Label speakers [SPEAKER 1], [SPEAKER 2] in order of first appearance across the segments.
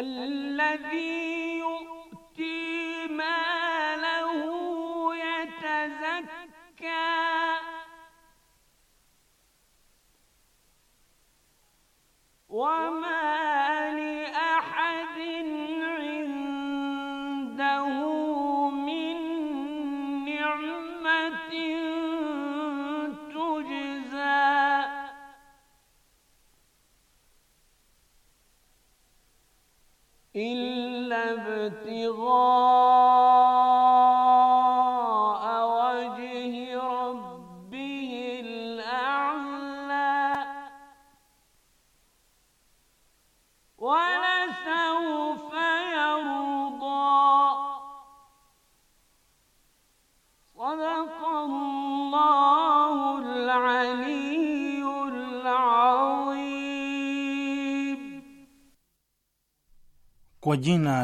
[SPEAKER 1] الذي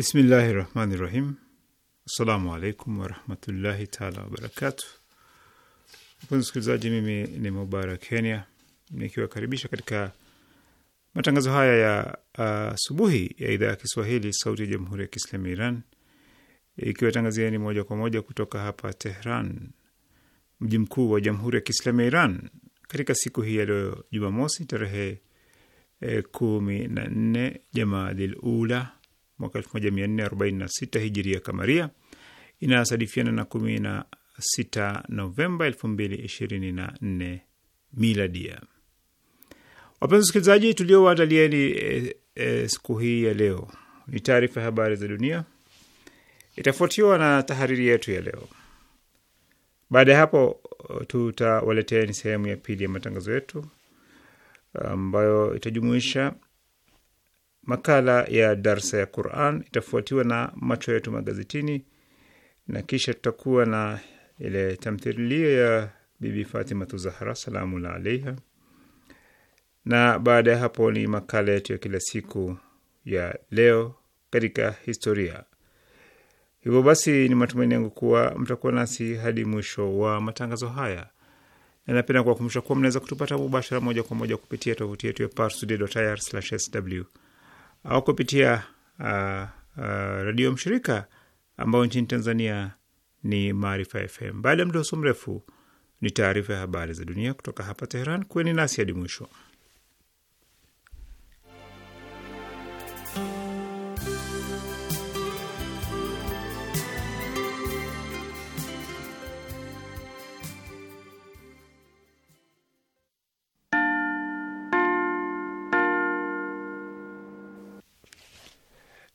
[SPEAKER 2] Bismillahi rahmani rahim. Assalamu alaikum warahmatullahi taala wabarakatu. Mpenzi msikilizaji, mimi ni Mubarak Kenya nikiwakaribisha katika matangazo haya ya uh, asubuhi uh, ya idhaa ya Kiswahili sauti ya jamhuri ya Kiislamu ya Iran ikiwatangazieni moja kwa moja kutoka hapa Tehran, mji mkuu wa jamhuri ya Kiislamu ya Iran, katika siku hii ya leo Jumamosi tarehe eh, kumi na nne Jamaadil Ula mwaka 1446 hijiria kamaria inasadifiana na 16 Novemba 2024 miladia. Wapenzi wasikilizaji, tuliowaandalieni e, e, siku hii ya leo ni taarifa ya habari za dunia, itafuatiwa na tahariri yetu ya leo. Baada ya hapo, tutawaleteeni sehemu ya pili ya matangazo yetu ambayo itajumuisha makala ya darsa ya Quran itafuatiwa na macho yetu magazetini, na kisha tutakuwa na ile tamthilia ya Bibi Fatima Zahra salamu alaiha, na baada ya hapo ni makala yetu ya kila siku ya leo katika historia. Hivyo basi, ni matumaini yangu kuwa mtakuwa nasi hadi mwisho wa matangazo haya. na Napenda kuwakumbusha kuwa mnaweza kutupata mubashara moja kwa moja kupitia tovuti yetu ya parstoday.ir/sw au kupitia uh, uh, redio mshirika ambayo nchini Tanzania ni Maarifa FM. Baada ya mdoso mrefu ni taarifa ya habari za dunia kutoka hapa Teheran. Kuweni nasi hadi mwisho.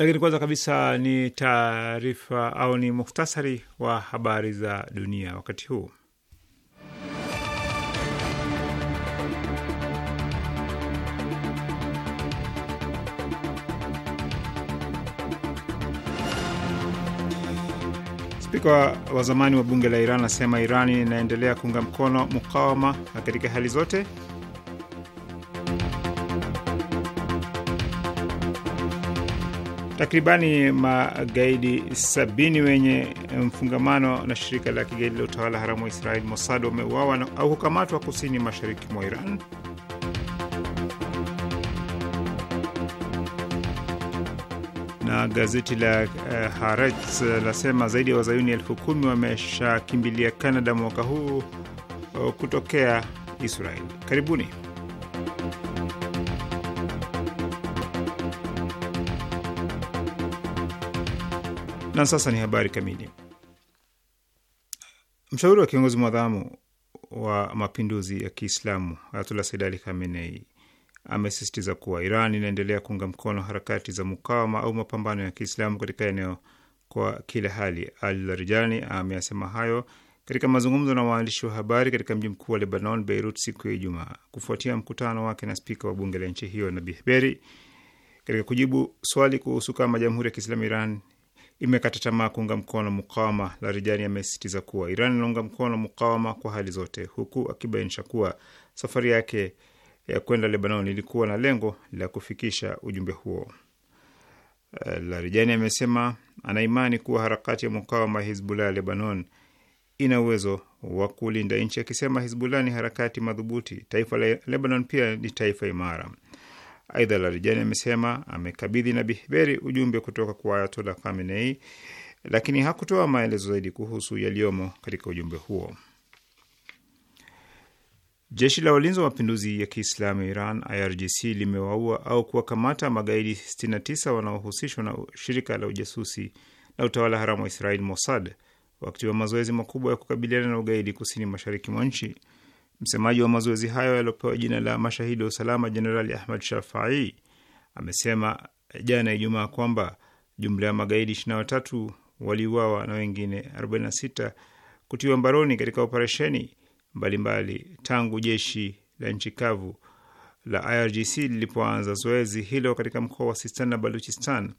[SPEAKER 2] Lakini kwanza kabisa ni taarifa au ni muhtasari wa habari za dunia wakati huu. Spika wa zamani wa bunge la Iran anasema Iran inaendelea kuunga mkono mukawama katika hali zote takribani magaidi sabini wenye mfungamano na shirika la kigaidi la utawala haramu wa israel Mossad wameuawa au kukamatwa kusini mashariki mwa Iran. Na gazeti la uh, Haaretz eh, lasema zaidi ya wa wazayuni elfu kumi wameshakimbilia Canada mwaka huu uh, kutokea israel Karibuni. Na sasa ni habari kamili. Mshauri wa kiongozi mwadhamu wa mapinduzi ya Kiislamu Ayatullah Said Ali Khamenei amesisitiza kuwa Iran inaendelea kuunga mkono harakati za mukawama au mapambano ya Kiislamu katika eneo kwa kila hali. Al-Larijani ameyasema hayo katika mazungumzo na waandishi wa habari katika mji mkuu wa Lebanon, Beirut, siku ya Ijumaa, kufuatia mkutano wake na spika wa bunge la nchi hiyo Nabih Berri, katika kujibu swali kuhusu kama Jamhuri ya Kiislamu Iran imekata tamaa kuunga mkono mukawama. Larijani amesisitiza kuwa Iran inaunga mkono mukawama kwa hali zote, huku akibainisha kuwa safari yake ya kwenda Lebanon ilikuwa na lengo la kufikisha ujumbe huo. Larijani amesema anaimani kuwa harakati ya mukawama Hizbullah ya Lebanon ina uwezo wa kulinda nchi, akisema Hizbullah ni harakati madhubuti. Taifa la Lebanon pia ni taifa imara. Aidha, Larijani amesema amekabidhi Nabih Berri ujumbe kutoka kwa Ayatola Khamenei, lakini hakutoa maelezo zaidi kuhusu yaliyomo katika ujumbe huo. Jeshi la walinzi wa mapinduzi ya Kiislamu Iran, IRGC, limewaua au kuwakamata magaidi 69 wanaohusishwa na shirika la ujasusi la utawala haramu wa israel Mossad, wakati wa mazoezi makubwa ya kukabiliana na ugaidi kusini mashariki mwa nchi. Msemaji wa mazoezi hayo yaliopewa jina la mashahidi wa usalama, Jenerali Ahmad Shafai amesema jana Ijumaa kwamba jumla ya magaidi 23 waliuawa na wengine 46 kutiwa mbaroni katika operesheni mbalimbali tangu jeshi la nchi kavu la IRGC lilipoanza zoezi hilo katika mkoa wa Sistan na Baluchistan.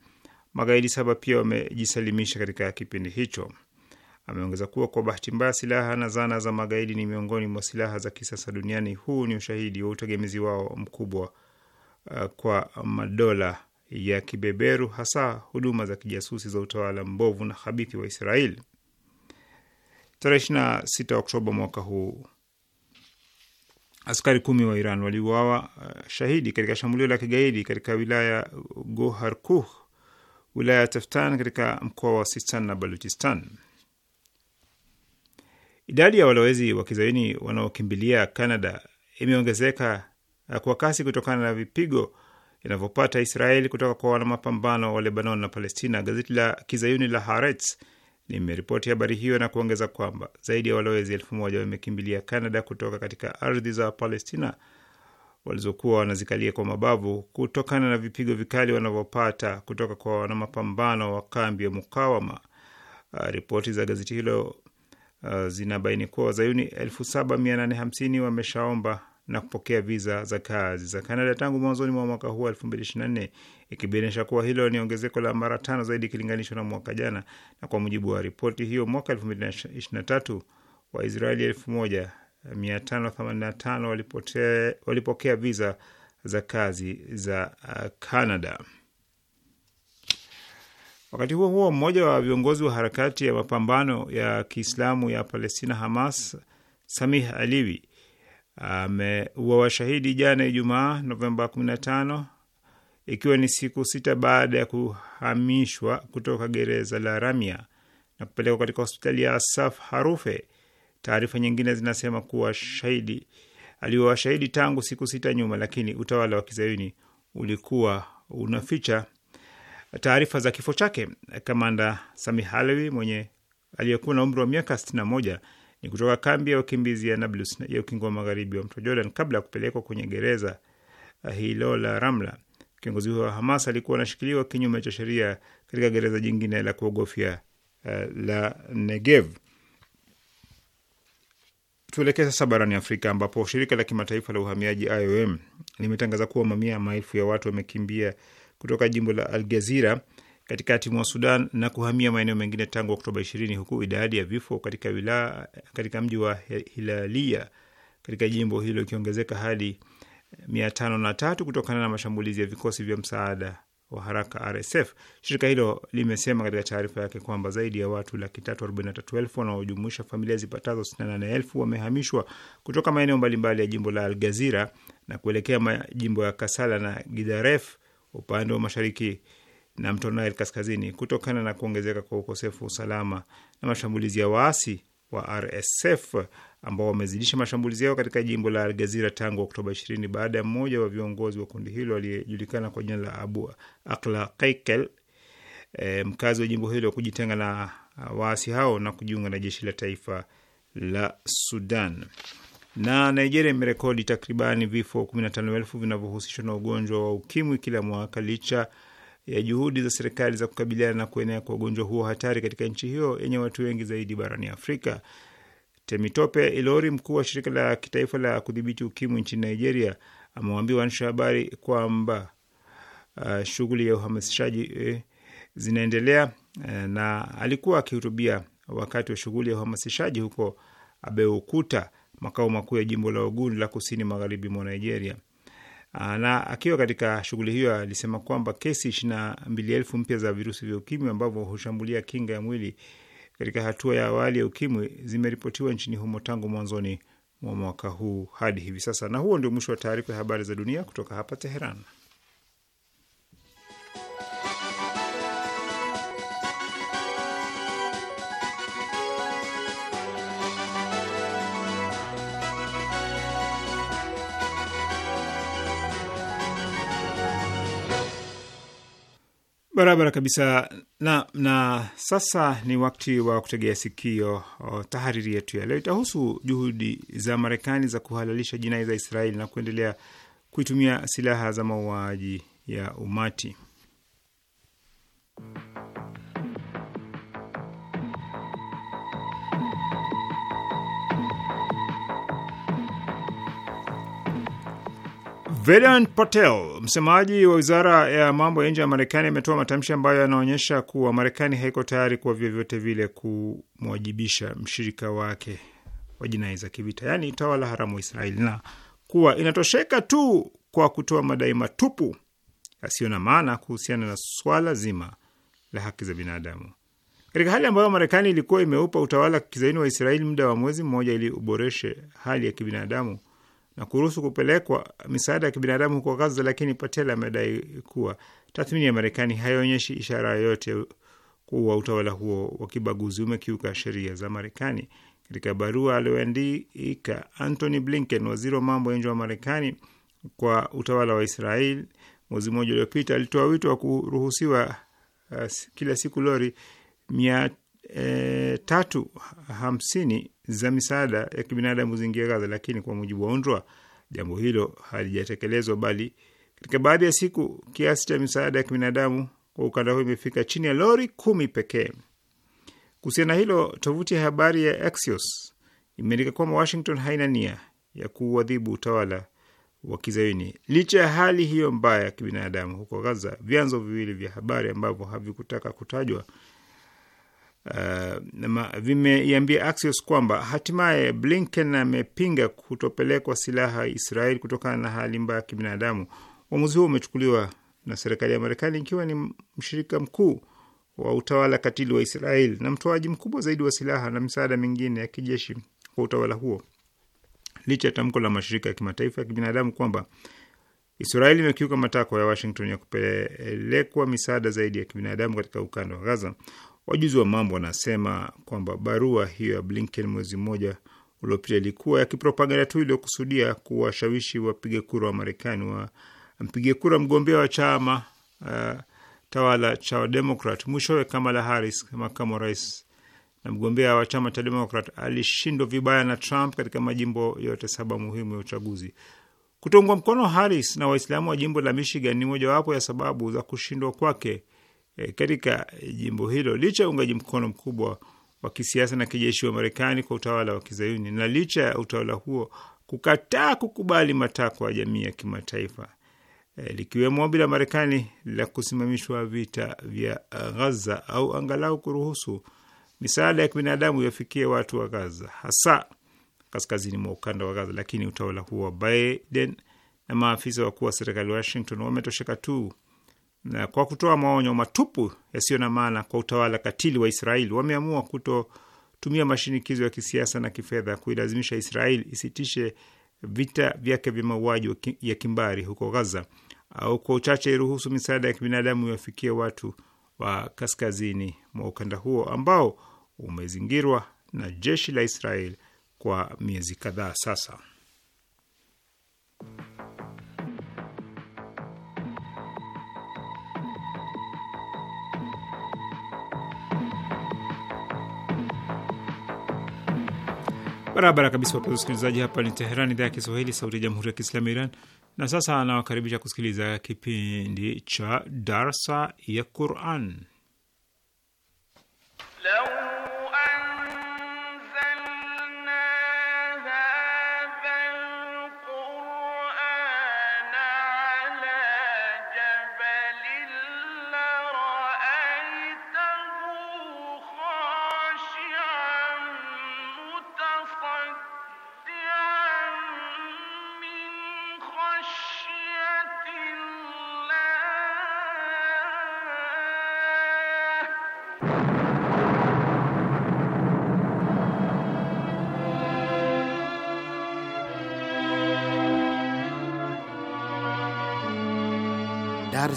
[SPEAKER 2] Magaidi saba pia wamejisalimisha katika kipindi hicho. Ameongeza kuwa kwa bahati mbaya, silaha na zana za magaidi ni miongoni mwa silaha za kisasa duniani. Huu ni ushahidi wa utegemezi wao mkubwa uh, kwa madola ya kibeberu, hasa huduma za kijasusi za utawala mbovu na habithi wa israel Tarehe 26 Oktoba mwaka huu askari kumi wa Iran waliuawa uh, shahidi katika shambulio la kigaidi katika wilaya Goharkuh, wilaya ya Teftan katika mkoa wa Sistan na Baluchistan. Idadi ya walowezi wa kizayuni wanaokimbilia Canada imeongezeka uh, kwa kasi kutokana na vipigo inavyopata Israeli kutoka kwa wanamapambano wa Lebanon na Palestina. Gazeti la kizayuni la Haaretz limeripoti habari hiyo na kuongeza kwamba zaidi ya walowezi elfu moja wamekimbilia Canada kutoka katika ardhi za Palestina walizokuwa wanazikalia kwa mabavu kutokana na vipigo vikali wanavyopata kutoka kwa wanamapambano wa kambi ya Mukawama. Uh, ripoti za gazeti hilo uh, zinabaini kuwa wazayuni 7850 wameshaomba na kupokea viza za kazi za Kanada tangu mwanzoni mwa mwaka huu 2024 ikibainisha kuwa hilo ni ongezeko la mara tano zaidi ikilinganishwa na mwaka jana. Na kwa mujibu wa ripoti hiyo, mwaka 2023 Waisraeli 1585 walipokea viza za kazi za Kanada. Uh, Wakati huo huo, mmoja wa viongozi wa harakati ya mapambano ya Kiislamu ya Palestina Hamas, Samih Aliwi ameua washahidi jana Ijumaa Novemba 15 ikiwa ni siku sita baada ya kuhamishwa kutoka gereza la Ramia na kupelekwa katika hospitali ya Asaf Harufe. Taarifa nyingine zinasema kuwa shahidi aliwa shahidi tangu siku sita nyuma, lakini utawala wa kizayuni ulikuwa unaficha taarifa za kifo chake. Kamanda Sami Halewi mwenye aliyekuwa na umri wa miaka 61 ni kutoka kambi ya wakimbizi ya Nablus ya ukingo wa magharibi wa mto Jordan kabla ya kupelekwa kwenye gereza eh, hilo la Ramla. Kiongozi huyo wa Hamas alikuwa anashikiliwa kinyume cha sheria katika gereza jingine la kuogofya uh, la Negev. Tuelekee sasa barani Afrika ambapo shirika la kimataifa la uhamiaji IOM limetangaza kuwa mamia ya maelfu ya watu wamekimbia kutoka jimbo la Al katikati mwa Sudan na kuhamia maeneo mengine tangu Oktoba 20 huku idadi ya vifo katika wilaya, katika mji wa Hilalia katika jimbo hilo ikiongezeka hadi 503 kutokana na mashambulizi ya vikosi vya msaada wa haraka RSF. Shirika hilo limesema katika taarifa yake kwamba zaidi ya watu laki tatu arobaini na tatu elfu wanaojumuisha familia zipatazo sitini na nane elfu wamehamishwa kutoka maeneo mbalimbali ya jimbo la Algazira na kuelekea majimbo ya Kasala na Gidaref upande wa mashariki na mto Nile kaskazini kutokana na kuongezeka kwa ukosefu wa usalama na mashambulizi ya waasi wa RSF ambao wamezidisha mashambulizi yao katika jimbo la Algazira tangu Oktoba 20 baada ya mmoja wa viongozi wa kundi hilo aliyejulikana kwa jina la Abu Akla Kaikel, e, mkazi wa jimbo hilo kujitenga na waasi hao na kujiunga na jeshi la taifa la Sudan na Nigeria imerekodi takribani vifo 15,000 vinavyohusishwa na ugonjwa wa ukimwi kila mwaka licha ya juhudi za serikali za kukabiliana na kuenea kwa ugonjwa huo hatari katika nchi hiyo yenye watu wengi zaidi barani Afrika. Temitope Ilori, mkuu wa shirika la kitaifa la kudhibiti ukimwi nchini Nigeria, amewaambia waandishi wa habari kwamba uh, shughuli ya uhamasishaji eh, zinaendelea eh, na alikuwa akihutubia wakati wa shughuli ya uhamasishaji huko Abeokuta makao makuu ya jimbo la Ogun la kusini magharibi mwa Nigeria. Ah, na akiwa katika shughuli hiyo alisema kwamba kesi ishirini na mbili elfu mpya za virusi vya ukimwi ambavyo hushambulia kinga ya mwili katika hatua ya awali ya ukimwi zimeripotiwa nchini humo tangu mwanzoni mwa mwaka huu hadi hivi sasa. Na huo ndio mwisho wa taarifa ya habari za dunia kutoka hapa Teheran. Barabara kabisa na, na sasa ni wakati wa kutegea sikio. Tahariri yetu ya leo itahusu juhudi za Marekani za kuhalalisha jinai za Israeli na kuendelea kuitumia silaha za mauaji ya umati. Vedant Patel, msemaji wa wizara ya mambo ya nje ya Marekani, ametoa matamshi ambayo yanaonyesha kuwa Marekani haiko tayari kwa vyovyote vile kumwajibisha mshirika wake wa jinai za kivita, yaani utawala haramu wa Israeli, na kuwa inatosheka tu kwa kutoa madai matupu yasiyo na maana kuhusiana na swala zima la haki za binadamu, katika hali ambayo Marekani ilikuwa imeupa utawala kizaini wa Israeli muda wa mwezi mmoja ili uboreshe hali ya kibinadamu na kuruhusu kupelekwa misaada ya kibinadamu huko Gaza, lakini Patel amedai kuwa tathmini ya Marekani haionyeshi ishara yoyote kuwa utawala huo wa kibaguzi umekiuka sheria za Marekani. Katika barua aliyoandika Antony Blinken, waziri wa mambo ya nje wa Marekani kwa utawala wa Israel mwezi mmoja uliopita, alitoa wito wa kuruhusiwa uh, kila siku lori mia e, tatu hamsini za misaada ya kibinadamu zingia Gaza, lakini kwa mujibu wa UNRWA jambo hilo halijatekelezwa, bali katika baadhi ya siku kiasi cha misaada ya kibinadamu kwa ukanda huo imefika chini ya lori kumi pekee. Kuhusiana na hilo, tovuti ya habari ya Axios imeandika kwamba Washington haina nia ya kuadhibu utawala wa kizayuni licha ya hali hiyo mbaya ya kibinadamu huko Gaza. Vyanzo viwili vya habari ambavyo havikutaka kutajwa uh, vimeiambia Axios kwamba hatimaye Blinken amepinga kutopelekwa silaha Israel kutokana na hali mbaya ya kibinadamu. Uamuzi huo umechukuliwa na serikali ya Marekani ikiwa ni mshirika mkuu wa utawala katili wa Israel na mtoaji mkubwa zaidi wa silaha na misaada mingine ya kijeshi kwa utawala huo, licha ya tamko la mashirika ya kimataifa ya kibinadamu kwamba Israeli imekiuka matakwa ya Washington ya kupelekwa misaada zaidi ya kibinadamu katika ukanda wa Gaza. Wajuzi wa mambo wanasema kwamba barua hiyo ya Blinken mwezi mmoja uliopita ilikuwa ya kipropaganda tu iliyokusudia kuwashawishi wapiga kura wa Marekani wa mpige kura mgombea wa chama uh, tawala cha Wademokrat. Mwishowe Kamala Harris, makamu wa rais na mgombea wa chama cha Demokrat, alishindwa vibaya na Trump katika majimbo yote saba muhimu ya uchaguzi. Kutungwa mkono Harris na Waislamu wa jimbo la Michigan ni mojawapo ya sababu za kushindwa kwake. E, katika jimbo hilo licha ya uungaji mkono mkubwa wa kisiasa na kijeshi wa Marekani kwa utawala wa kizayuni na licha ya utawala huo kukataa kukubali matakwa ya jamii ya kimataifa e, likiwemo ombi la Marekani la kusimamishwa vita vya Ghaza au angalau kuruhusu misaada ya kibinadamu yafikie watu wa Gaza, hasa kaskazini mwa ukanda wa Gaza. Lakini utawala huo wa Biden na maafisa wakuu wa serikali Washington wametosheka tu kwa kutoa maonyo matupu yasiyo na maana kwa utawala katili wa Israeli wameamua kutotumia mashinikizo ya kisiasa na kifedha kuilazimisha Israeli isitishe vita vyake vya mauaji ya kimbari huko Gaza au kwa uchache iruhusu misaada ya kibinadamu iwafikie watu wa kaskazini mwa ukanda huo ambao umezingirwa na jeshi la Israeli kwa miezi kadhaa sasa. Barabara kabisa, wapenzi wasikilizaji, hapa ni teheran idhaa ya Kiswahili, sauti ya jamhuri ya kiislamu ya Iran. Na sasa anawakaribisha kusikiliza kipindi cha darsa ya Quran
[SPEAKER 3] Law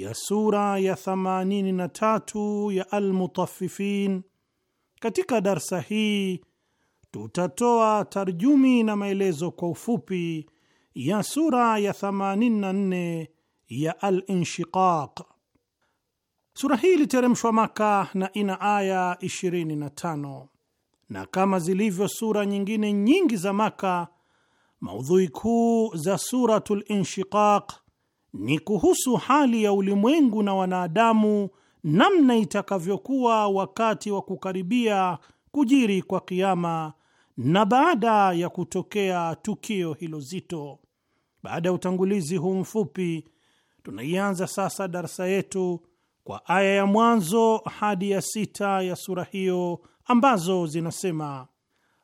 [SPEAKER 4] ya sura ya 83 ya Almutaffifin. Katika darsa hii tutatoa tarjumi na maelezo kwa ufupi ya sura ya 84 ya Alinshiqaq. Sura hii iliteremshwa Maka na ina aya 25, na kama zilivyo sura nyingine nyingi za Maka, maudhui kuu za Suratul Inshiqaq ni kuhusu hali ya ulimwengu na wanadamu, namna itakavyokuwa wakati wa kukaribia kujiri kwa kiama na baada ya kutokea tukio hilo zito. Baada ya utangulizi huu mfupi, tunaianza sasa darsa yetu kwa aya ya mwanzo hadi ya sita ya sura hiyo ambazo zinasema: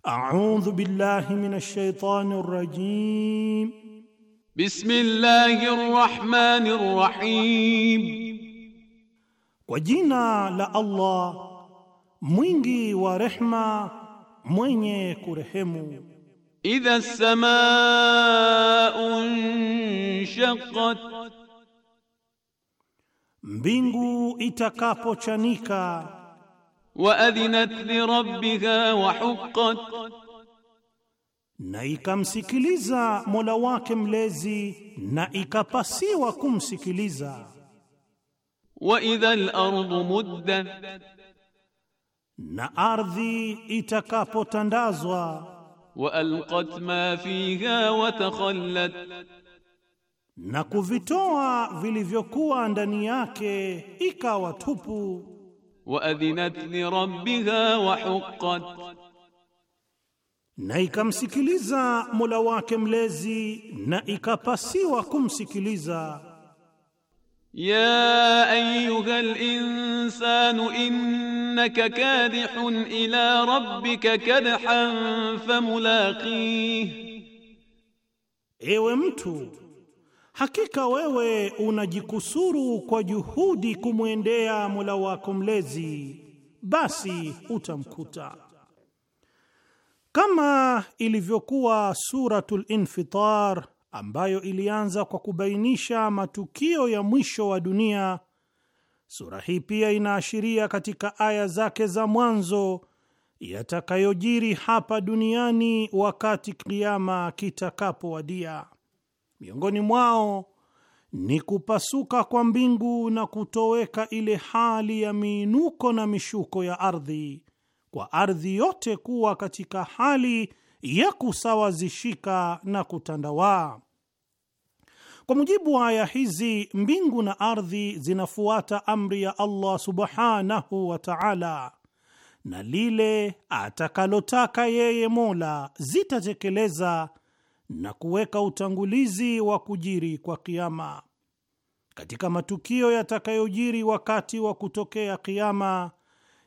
[SPEAKER 4] audhu billahi minash shaitani rajim بسم الله الرحمن الرحيم وجينا لا الله مينغي ورحمة مويني كرهمو إذا السماء انشقت بينجو إتكابو شانيكا وأذنت لربها وحقت na ikamsikiliza Mola wake mlezi na ikapasiwa kumsikiliza. Wa idhal ardu muddat, na ardhi itakapotandazwa. Wa alqat ma fiha wa takhallat, na kuvitoa vilivyokuwa ndani yake ikawa tupu.
[SPEAKER 5] Wa adhinat li rabbiha wa huqqat
[SPEAKER 4] na ikamsikiliza Mola wake mlezi na ikapasiwa kumsikiliza. ya ayuha linsanu
[SPEAKER 5] innaka kadihun ila rabbika kadhan
[SPEAKER 4] famulaqih, ewe mtu, hakika wewe unajikusuru kwa juhudi kumwendea Mola wako mlezi, basi utamkuta kama ilivyokuwa Suratul Infitar ambayo ilianza kwa kubainisha matukio ya mwisho wa dunia. Sura hii pia inaashiria katika aya zake za mwanzo yatakayojiri hapa duniani wakati kiama kitakapowadia. Miongoni mwao ni kupasuka kwa mbingu na kutoweka ile hali ya miinuko na mishuko ya ardhi kwa ardhi yote kuwa katika hali ya kusawazishika na kutandawaa. Kwa mujibu wa aya hizi, mbingu na ardhi zinafuata amri ya Allah subhanahu wa ta'ala, na lile atakalotaka yeye Mola zitatekeleza na kuweka utangulizi wa kujiri kwa kiama. Katika matukio yatakayojiri wakati wa kutokea kiama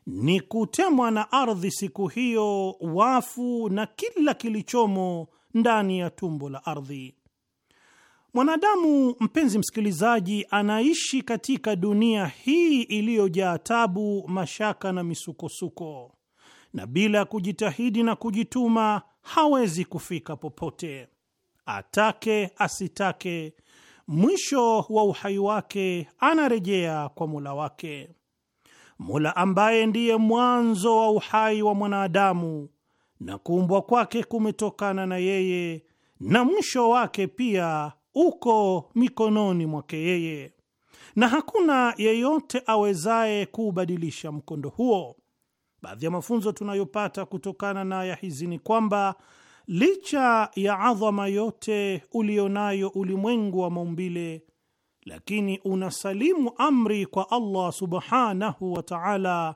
[SPEAKER 4] ni kutemwa na ardhi siku hiyo wafu na kila kilichomo ndani ya tumbo la ardhi. Mwanadamu mpenzi msikilizaji, anaishi katika dunia hii iliyojaa tabu, mashaka na misukosuko, na bila kujitahidi na kujituma hawezi kufika popote. Atake asitake, mwisho wa uhai wake anarejea kwa Mola wake. Mola ambaye ndiye mwanzo wa uhai wa mwanadamu na kuumbwa kwake kumetokana na yeye na mwisho wake pia uko mikononi mwake yeye, na hakuna yeyote awezaye kuubadilisha mkondo huo. Baadhi ya mafunzo tunayopata kutokana na aya hizi ni kwamba licha ya adhama yote ulionayo ulimwengu wa maumbile lakini unasalimu amri kwa Allah subhanahu wa ta'ala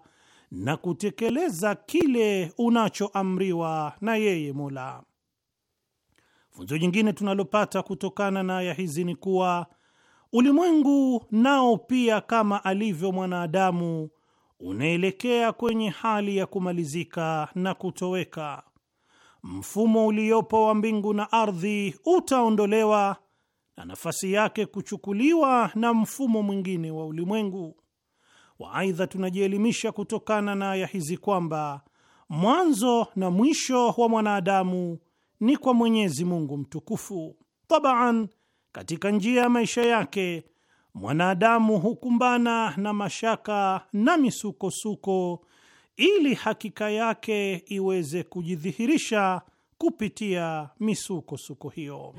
[SPEAKER 4] na kutekeleza kile unachoamriwa na yeye Mola. Funzo jingine tunalopata kutokana na aya hizi ni kuwa ulimwengu nao pia kama alivyo mwanadamu unaelekea kwenye hali ya kumalizika na kutoweka. Mfumo uliopo wa mbingu na ardhi utaondolewa na nafasi yake kuchukuliwa na mfumo mwingine wa ulimwengu wa. Aidha, tunajielimisha kutokana na aya hizi kwamba mwanzo na mwisho wa mwanadamu ni kwa Mwenyezi Mungu mtukufu. Tabaan, katika njia ya maisha yake mwanadamu hukumbana na mashaka na misukosuko ili hakika yake iweze kujidhihirisha kupitia misukosuko hiyo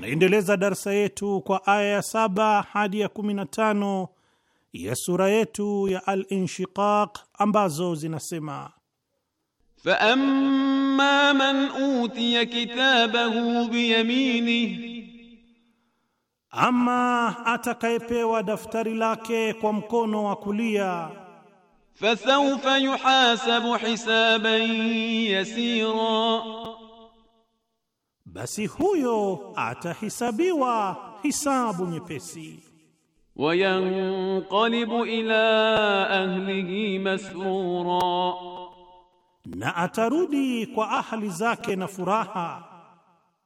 [SPEAKER 4] Tunaendeleza darsa yetu kwa aya ya saba hadi ya kumi na tano ya sura yetu ya Al-Inshiqaq ambazo zinasema faamma man utiya kitabahu biyaminihi ama atakayepewa daftari lake kwa mkono wa kulia, fasawfa yuhasabu hisaban yasira, basi huyo atahisabiwa hisabu nyepesi. Wayanqalibu
[SPEAKER 5] ila ahlihi masrura, na atarudi kwa ahli zake na furaha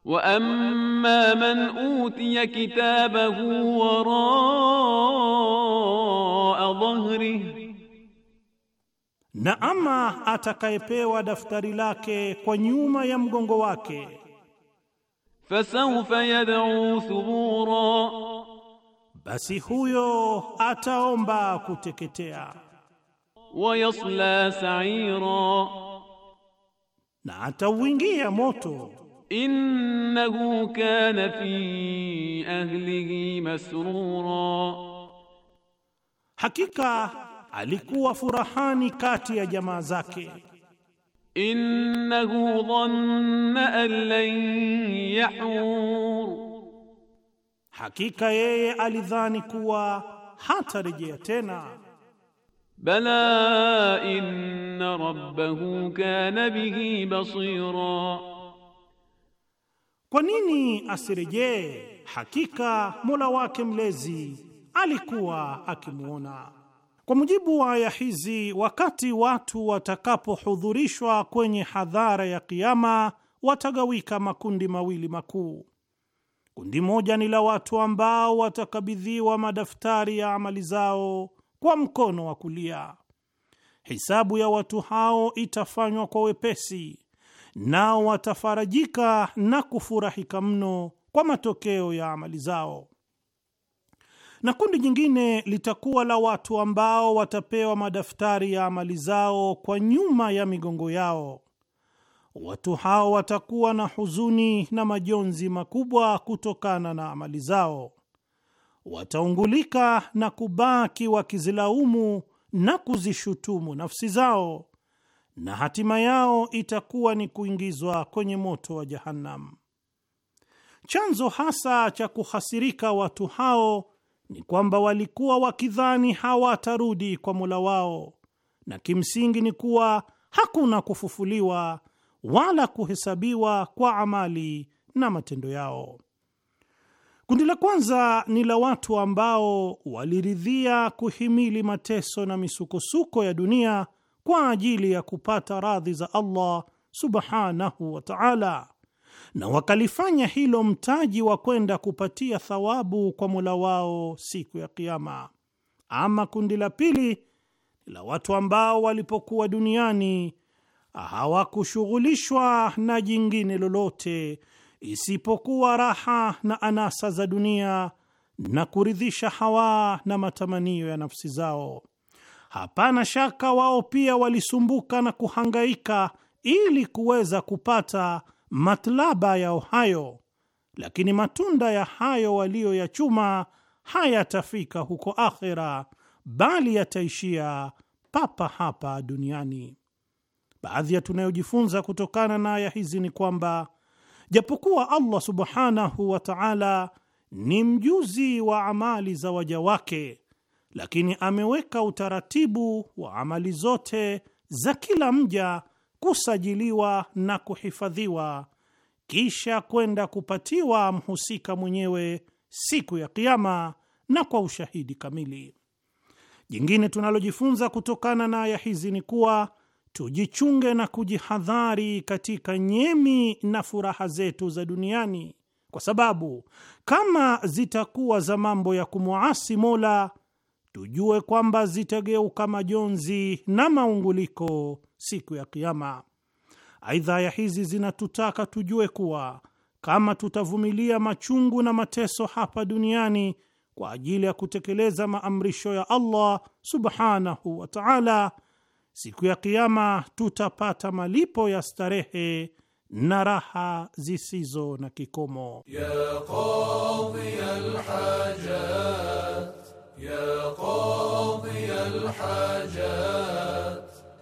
[SPEAKER 5] wa amma man utiya kitabahu waraa dhahrihi,
[SPEAKER 4] na ama atakayepewa daftari lake kwa nyuma ya mgongo wake. Fasawfa yad'u thubura, basi huyo ataomba kuteketea. Wayasla sa'ira, na atauingia moto. إنه كان في أهله مسرورا حقيقة alikuwa furahani kati ya jamaa zake innahu dhanna an lan yahur hakika yeye alidhani kuwa hatarejea tena bala inna rabbahu kana
[SPEAKER 5] bihi basira
[SPEAKER 4] Kwa nini asirejee? Hakika Mola wake mlezi alikuwa akimwona. Kwa mujibu wa aya hizi, wakati watu watakapohudhurishwa kwenye hadhara ya Kiama watagawika makundi mawili makuu. Kundi moja ni la watu ambao watakabidhiwa madaftari ya amali zao kwa mkono wa kulia. Hisabu ya watu hao itafanywa kwa wepesi nao watafarajika na kufurahika mno kwa matokeo ya amali zao. Na kundi jingine litakuwa la watu ambao watapewa madaftari ya amali zao kwa nyuma ya migongo yao. Watu hao watakuwa na huzuni na majonzi makubwa kutokana na amali zao. Wataungulika na kubaki wakizilaumu na kuzishutumu nafsi zao na hatima yao itakuwa ni kuingizwa kwenye moto wa Jahannam. Chanzo hasa cha kuhasirika watu hao ni kwamba walikuwa wakidhani hawatarudi kwa Mola wao, na kimsingi ni kuwa hakuna kufufuliwa wala kuhesabiwa kwa amali na matendo yao. Kundi la kwanza ni la watu ambao waliridhia kuhimili mateso na misukosuko ya dunia kwa ajili ya kupata radhi za Allah subhanahu wa ta'ala, na wakalifanya hilo mtaji wa kwenda kupatia thawabu kwa Mola wao siku ya Kiyama. Ama kundi la pili la watu ambao walipokuwa duniani hawakushughulishwa na jingine lolote isipokuwa raha na anasa za dunia na kuridhisha hawa na matamanio ya nafsi zao. Hapana shaka wao pia walisumbuka na kuhangaika ili kuweza kupata matlaba yao hayo, lakini matunda ya hayo waliyoyachuma hayatafika huko akhera, bali yataishia papa hapa duniani. Baadhi ya tunayojifunza kutokana na aya hizi ni kwamba japokuwa Allah subhanahu wa taala ni mjuzi wa amali za waja wake lakini ameweka utaratibu wa amali zote za kila mja kusajiliwa na kuhifadhiwa, kisha kwenda kupatiwa mhusika mwenyewe siku ya Kiama na kwa ushahidi kamili. Jingine tunalojifunza kutokana na aya hizi ni kuwa tujichunge na kujihadhari katika nyemi na furaha zetu za duniani, kwa sababu kama zitakuwa za mambo ya kumwasi Mola tujue kwamba zitageuka majonzi na maunguliko siku ya Kiama. Aidha, aya hizi zinatutaka tujue kuwa kama tutavumilia machungu na mateso hapa duniani kwa ajili ya kutekeleza maamrisho ya Allah subhanahu wa taala, siku ya Kiama tutapata malipo ya starehe na raha zisizo na kikomo ya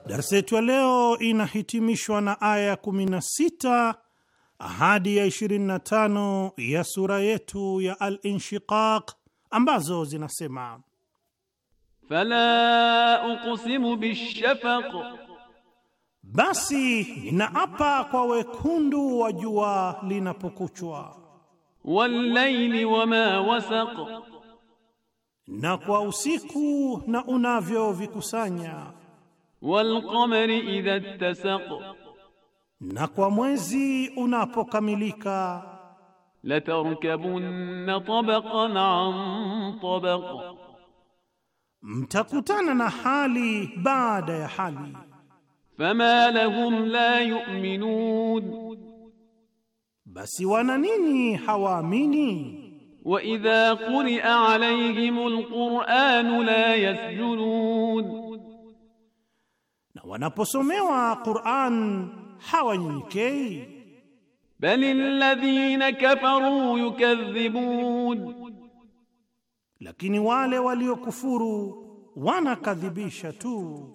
[SPEAKER 4] Darsa yetu ya leo inahitimishwa na aya ya 16 hadi ya 25 ya sura yetu ya Al-Inshiqaq ambazo zinasema:
[SPEAKER 5] fala uqsimu bishafaq,
[SPEAKER 4] basi ninaapa kwa wekundu wa jua linapokuchwa.
[SPEAKER 5] Wallayli
[SPEAKER 4] wama wasaq, na kwa usiku na unavyovikusanya
[SPEAKER 5] والقمر إذا اتسق
[SPEAKER 4] نقوى مويزي أنابو كاميليكا
[SPEAKER 5] لتركبن
[SPEAKER 4] طبقا عن طبق متقتانا حالي بعد يا حالي فما لهم لا يؤمنون بس وانانيني حواميني
[SPEAKER 5] وإذا قرئ عليهم القرآن لا
[SPEAKER 4] يسجنون wanaposomewa Qur'an hawanyenyekei. Bali alladhina kafaru yukadhibun, lakini wale waliokufuru wanakadhibisha tu.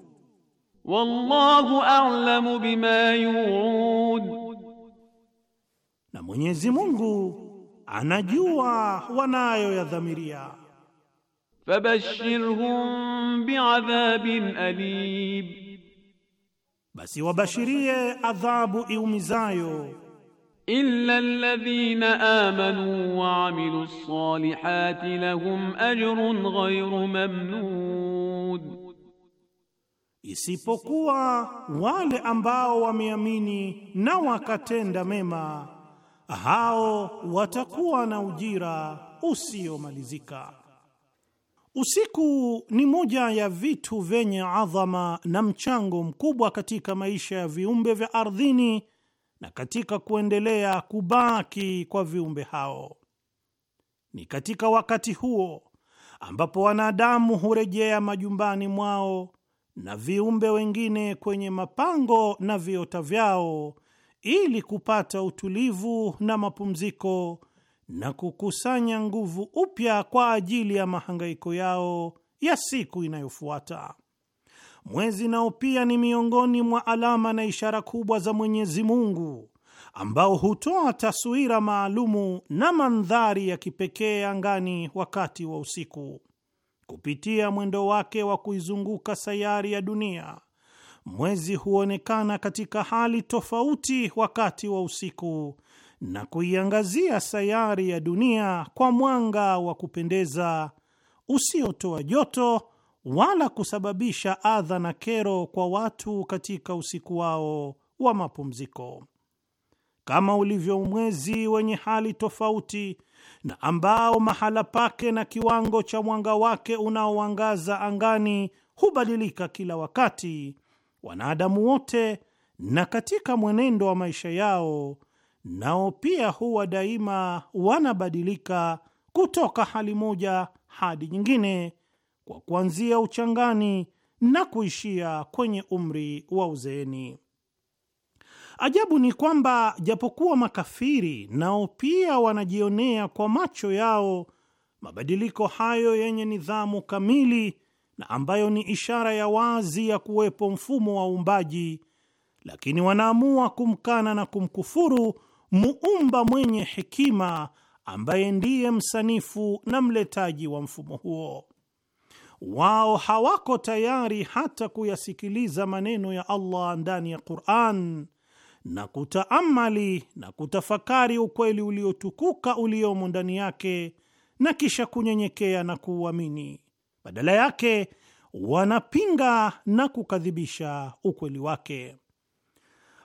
[SPEAKER 4] Wallahu a'lamu bima yu'ud, na Mwenyezi Mungu anajua wanayoyadhamiria.
[SPEAKER 5] Fabashshirhum bi'adhabin alim basi
[SPEAKER 4] wabashirie adhabu iumizayo.
[SPEAKER 5] illa alladhina amanu wa amilu ssalihati lahum ajrun ghayru mamnud,
[SPEAKER 4] isipokuwa wale ambao wameamini na wakatenda mema, hao watakuwa na ujira usiomalizika. Usiku ni moja ya vitu vyenye adhama na mchango mkubwa katika maisha ya viumbe vya ardhini na katika kuendelea kubaki kwa viumbe hao. Ni katika wakati huo ambapo wanadamu hurejea majumbani mwao na viumbe wengine kwenye mapango na viota vyao ili kupata utulivu na mapumziko na kukusanya nguvu upya kwa ajili ya mahangaiko yao ya siku inayofuata. Mwezi nao pia ni miongoni mwa alama na ishara kubwa za Mwenyezi Mungu ambao hutoa taswira maalumu na mandhari ya kipekee angani wakati wa usiku. Kupitia mwendo wake wa kuizunguka sayari ya dunia, mwezi huonekana katika hali tofauti wakati wa usiku na kuiangazia sayari ya dunia kwa mwanga wa kupendeza usiotoa joto wala kusababisha adha na kero kwa watu katika usiku wao wa mapumziko, kama ulivyo mwezi wenye hali tofauti na ambao mahala pake na kiwango cha mwanga wake unaoangaza angani hubadilika kila wakati. Wanadamu wote na katika mwenendo wa maisha yao nao pia huwa daima wanabadilika kutoka hali moja hadi nyingine, kwa kuanzia uchangani na kuishia kwenye umri wa uzeeni. Ajabu ni kwamba japokuwa makafiri nao pia wanajionea kwa macho yao mabadiliko hayo yenye nidhamu kamili na ambayo ni ishara ya wazi ya kuwepo mfumo wa uumbaji, lakini wanaamua kumkana na kumkufuru muumba mwenye hekima ambaye ndiye msanifu na mletaji wa mfumo huo. Wao hawako tayari hata kuyasikiliza maneno ya Allah ndani ya Quran na kutaamali na kutafakari ukweli uliotukuka uliomo ndani yake na kisha kunyenyekea na kuuamini. Badala yake wanapinga na kukadhibisha ukweli wake.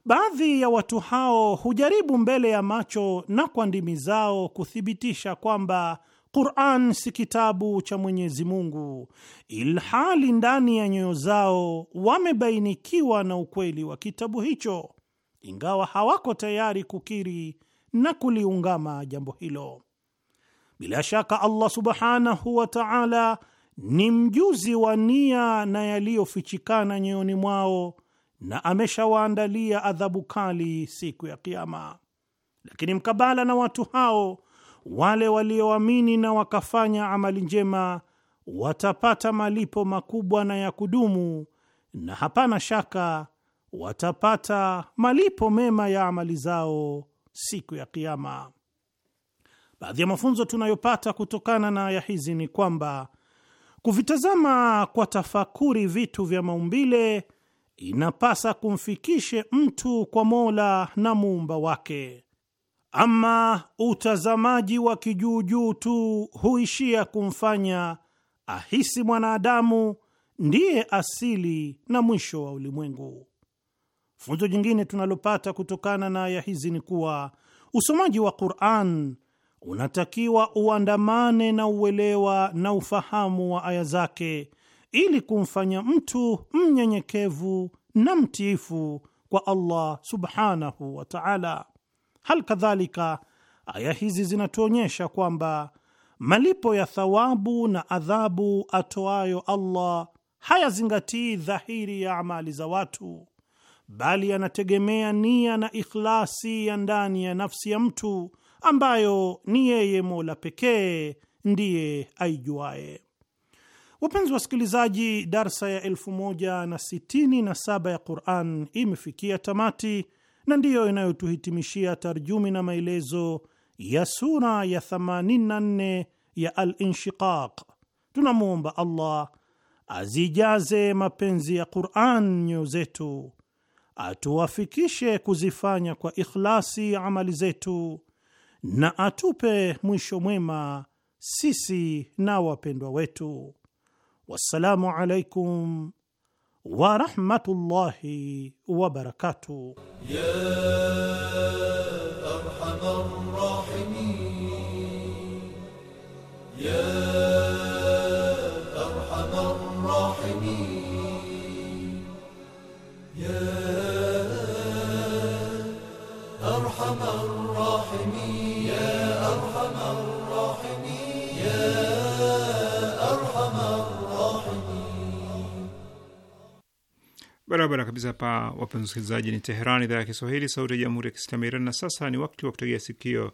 [SPEAKER 4] Baadhi ya watu hao hujaribu mbele ya macho na kwa ndimi zao kuthibitisha kwamba Qur'an si kitabu cha Mwenyezi Mungu, ilhali ndani ya nyoyo zao wamebainikiwa na ukweli wa kitabu hicho, ingawa hawako tayari kukiri na kuliungama jambo hilo. Bila shaka Allah Subhanahu wa Ta'ala ni mjuzi wa nia na yaliyofichikana nyoyoni mwao na ameshawaandalia adhabu kali siku ya Kiama. Lakini mkabala na watu hao, wale walioamini na wakafanya amali njema watapata malipo makubwa na ya kudumu, na hapana shaka watapata malipo mema ya amali zao siku ya Kiama. Baadhi ya mafunzo tunayopata kutokana na aya hizi ni kwamba kuvitazama kwa tafakuri vitu vya maumbile inapasa kumfikishe mtu kwa Mola na muumba wake. Ama utazamaji wa kijuujuu tu huishia kumfanya ahisi mwanadamu ndiye asili na mwisho wa ulimwengu. Funzo jingine tunalopata kutokana na aya hizi ni kuwa usomaji wa Qur'an unatakiwa uandamane na uelewa na ufahamu wa aya zake ili kumfanya mtu mnyenyekevu na mtiifu kwa Allah subhanahu wa ta'ala. Hal kadhalika aya hizi zinatuonyesha kwamba malipo ya thawabu na adhabu atoayo Allah hayazingatii dhahiri ya amali za watu, bali yanategemea nia na ikhlasi ya ndani ya nafsi ya mtu ambayo ni yeye Mola pekee ndiye aijuaye. Wapenzi wasikilizaji, darsa ya 1067 ya Quran imefikia tamati na ndiyo inayotuhitimishia tarjumi na maelezo ya sura ya 84 ya Al-Inshiqaq. Tunamwomba Allah azijaze mapenzi ya Quran nyoyo zetu, atuwafikishe kuzifanya kwa ikhlasi amali zetu, na atupe mwisho mwema sisi na wapendwa wetu. والسلام عليكم ورحمة الله وبركاته
[SPEAKER 6] يا أرحم الراحمين يا أرحم الراحمين يا أرحم الراحمين
[SPEAKER 2] Barabara kabisa pa wapenzi wasikilizaji, ni Teheran, idhaa ya Kiswahili, sauti ya jamhuri ya kiislamu ya Iran. Na sasa ni wakati wa kutegea sikio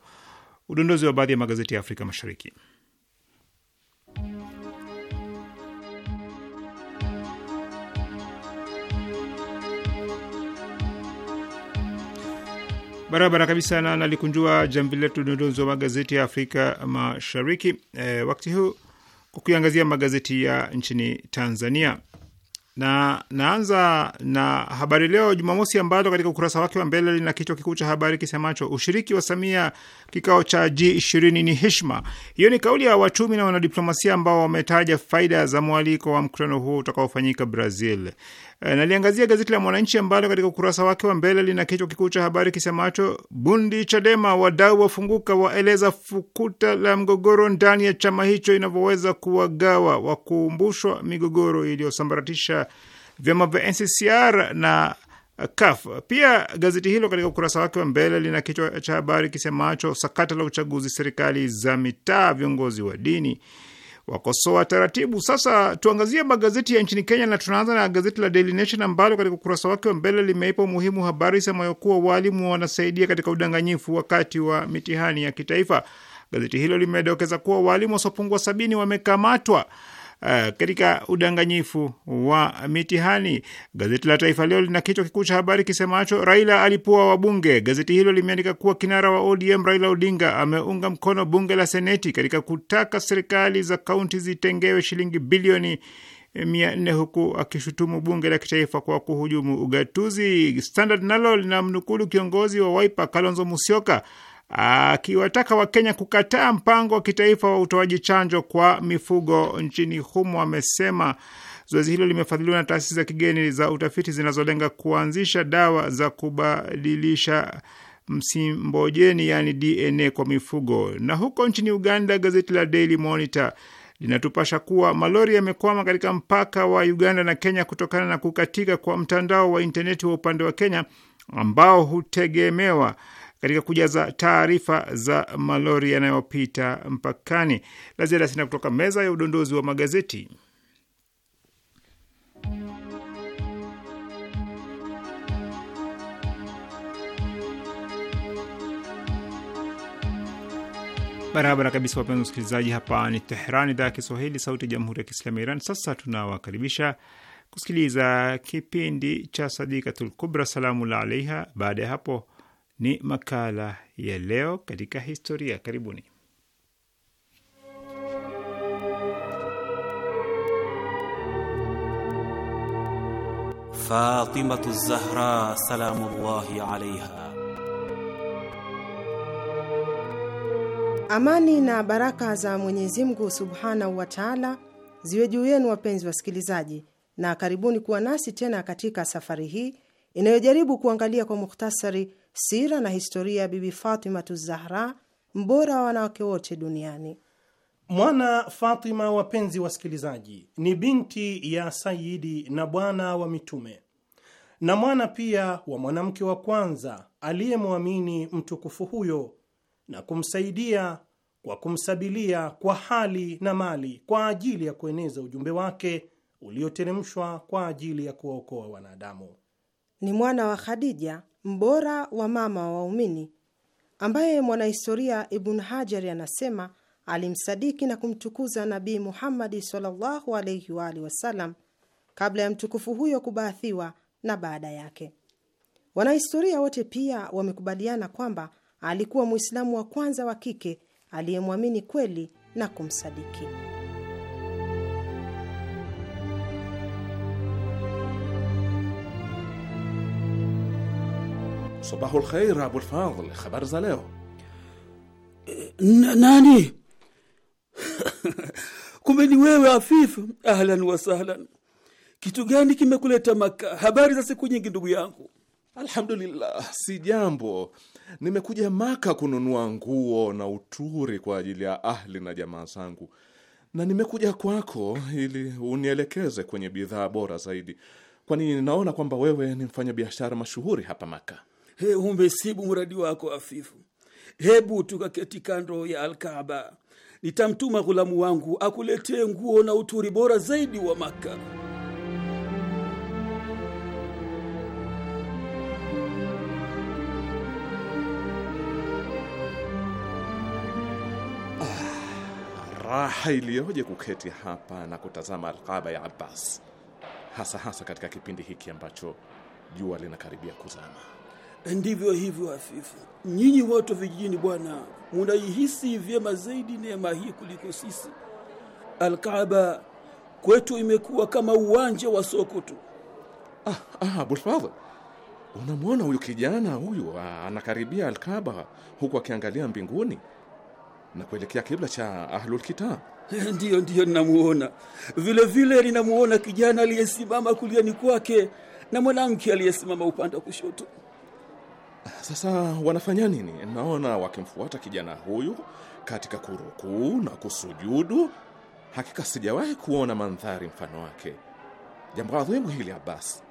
[SPEAKER 2] udondozi wa baadhi ya magazeti ya Afrika Mashariki. Barabara kabisa na nalikunjua jambi letu udondozi wa magazeti ya Afrika Mashariki e, wakati huu kwa kuiangazia magazeti ya nchini Tanzania na naanza na Habari Leo Jumamosi, ambalo katika ukurasa wake wa mbele lina kichwa kikuu cha habari kisemacho ushiriki wa Samia kikao cha G20 ni heshima. Hiyo ni kauli ya wachumi na wanadiplomasia ambao wametaja faida za mwaliko wa mkutano huo utakaofanyika Brazil. E, Naliangazia gazeti la Mwananchi ambalo katika ukurasa wake wa mbele lina kichwa kikuu cha habari kisemacho bundi Chadema wadau wafunguka, waeleza fukuta la mgogoro ndani ya chama hicho inavyoweza kuwagawa, wakumbushwa migogoro iliyosambaratisha vyama vya NCCR na uh, CUF. Pia gazeti hilo katika ukurasa wake wa mbele lina kichwa cha habari kisemacho sakata la uchaguzi serikali za mitaa, viongozi wa dini wakosoa taratibu. Sasa tuangazie magazeti ya nchini Kenya, na tunaanza na gazeti la Daily Nation ambalo katika ukurasa wake wa mbele limeipa umuhimu habari isemayo kuwa waalimu wanasaidia katika udanganyifu wakati wa mitihani ya kitaifa. Gazeti hilo limedokeza kuwa waalimu wasiopungua sabini wamekamatwa uh, katika udanganyifu wa mitihani. Gazeti la Taifa Leo lina kichwa kikuu cha habari kisemacho Raila alipua wabunge. Gazeti hilo limeandika kuwa kinara wa ODM Raila Odinga ameunga mkono bunge la Seneti katika kutaka serikali za kaunti zitengewe shilingi bilioni mia nne huku akishutumu bunge la kitaifa kwa kuhujumu ugatuzi. Standard nalo linamnukulu kiongozi wa Wiper Kalonzo Musyoka akiwataka Wakenya kukataa mpango wa kitaifa wa utoaji chanjo kwa mifugo nchini humo. Amesema zoezi hilo limefadhiliwa na taasisi za kigeni za utafiti zinazolenga kuanzisha dawa za kubadilisha msimbojeni, yani DNA, kwa mifugo. Na huko nchini Uganda, gazeti la Daily Monitor linatupasha kuwa malori yamekwama katika mpaka wa Uganda na Kenya kutokana na kukatika kwa mtandao wa intaneti wa upande wa Kenya ambao hutegemewa katika kujaza taarifa za malori yanayopita mpakani. La ziada sina kutoka meza ya udondozi wa magazeti. Barabara kabisa, wapenzi wasikilizaji, hapa ni Teheran, idhaa ya Kiswahili, sauti ya jamhuri ya kiislamu ya Iran. Sasa tunawakaribisha kusikiliza kipindi cha Sadikatul Kubra, salamu la alaiha. Baada ya hapo ni makala ya leo katika historia. Karibuni.
[SPEAKER 7] Fatimatu Zahra salamullahi
[SPEAKER 4] alaiha.
[SPEAKER 8] Amani na baraka za Mwenyezi Mungu subhanahu wa taala ziwe juu yenu, wapenzi wasikilizaji, na karibuni kuwa nasi tena katika safari hii inayojaribu kuangalia kwa mukhtasari sira na historia ya Bibi Fatima Tuzahra, mbora wa wanawake wote
[SPEAKER 4] duniani. Mwana Fatima, wapenzi wasikilizaji, ni binti ya sayidi na bwana wa mitume na mwana pia wa mwanamke wa kwanza aliyemwamini mtukufu huyo na kumsaidia kwa kumsabilia kwa hali na mali kwa ajili ya kueneza ujumbe wake ulioteremshwa kwa ajili ya kuwaokoa
[SPEAKER 3] wanadamu.
[SPEAKER 4] Ni mwana wa Khadija
[SPEAKER 8] mbora wa mama wa waumini, ambaye mwanahistoria Ibn Hajari anasema alimsadiki na kumtukuza Nabii Muhammadi sallallahu alaihi wa alihi wasallam kabla ya mtukufu huyo kubaathiwa na baada yake. Wanahistoria wote pia wamekubaliana kwamba alikuwa Mwislamu wa kwanza wa kike aliyemwamini kweli na kumsadiki.
[SPEAKER 3] صباح الخير أبو الفاضل خبر زليو
[SPEAKER 7] nani kumbe ni wewe afifu ahlan wa sahlan kitu gani kimekuleta maka habari za siku nyingi ndugu yangu
[SPEAKER 3] alhamdulillah si jambo nimekuja maka kununua nguo na uturi kwa ajili ya ahli na jamaa zangu na nimekuja kwako ili unielekeze kwenye bidhaa bora zaidi kwa nini ninaona kwamba wewe ni mfanya biashara mashuhuri hapa maka
[SPEAKER 7] he humesibu mradi wako afifu hebu tukaketi kando ya alkaba nitamtuma ghulamu wangu akuletee nguo na uturi bora zaidi wa maka
[SPEAKER 3] ah, raha iliyoje kuketi hapa na kutazama alkaba ya Abbas, hasa hasa katika kipindi hiki ambacho jua linakaribia kuzama
[SPEAKER 7] ndivyo hivyo hafifu. Nyinyi watu vijijini, bwana, munaihisi vyema zaidi neema hii kuliko sisi. Alkaaba kwetu imekuwa kama uwanja
[SPEAKER 3] wa soko tu. Ah, ah, Abulfadhl, unamwona huyu kijana huyu ah, anakaribia Alkaaba huku akiangalia mbinguni na kuelekea kibla cha Ahlulkitab. Ndiyo, ndiyo, ninamuona. vilevile ninamuona kijana
[SPEAKER 7] aliyesimama kuliani kwake na mwanamke aliyesimama upande wa kushoto.
[SPEAKER 3] Sasa wanafanya nini? Naona wakimfuata kijana huyu katika kurukuu na kusujudu. Hakika sijawahi kuona mandhari mfano wake. Jambo adhimu hili, Abbas.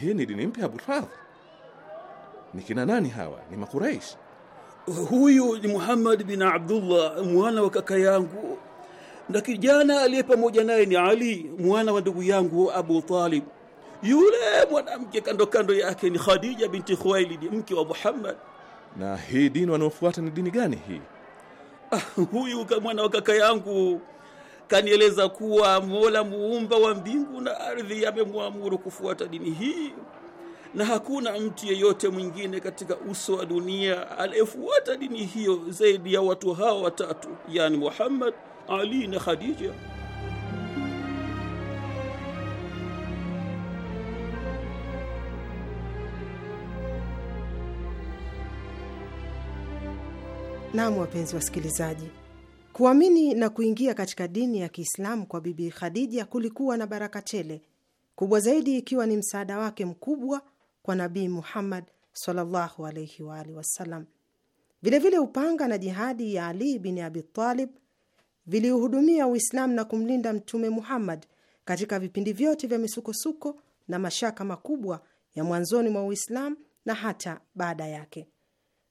[SPEAKER 3] Hii ni dini mpya, Abulfadh? Ni kina nani hawa? Ni Makuraish? Huyu ni Muhammad bin Abdullah,
[SPEAKER 7] mwana wa kaka yangu, na kijana aliye pamoja naye ni Ali, mwana wa ndugu yangu Abu Talib. Yule mwanamke kando kando yake ni Khadija binti Khuwailid, mke wa Muhammad.
[SPEAKER 3] Na hii dini wanaofuata ni dini gani hii?
[SPEAKER 7] Ah, huyu mwana wa kaka yangu kanieleza kuwa Mola muumba wa mbingu na ardhi amemwamuru kufuata dini hii, na hakuna mtu yeyote mwingine katika uso wa dunia aliyefuata dini hiyo zaidi ya watu hawa watatu, yani Muhammad, Ali na Khadija.
[SPEAKER 8] Naam, wapenzi wasikilizaji, kuamini na kuingia katika dini ya Kiislamu kwa Bibi Khadija kulikuwa na baraka tele, kubwa zaidi ikiwa ni msaada wake mkubwa kwa Nabii Muhammad sallallahu alaihi wa alihi wasallam. Vilevile upanga na jihadi ya Ali bin Abi Talib viliuhudumia Uislamu na kumlinda Mtume Muhammad katika vipindi vyote vya misukosuko na mashaka makubwa ya mwanzoni mwa Uislamu na hata baada yake.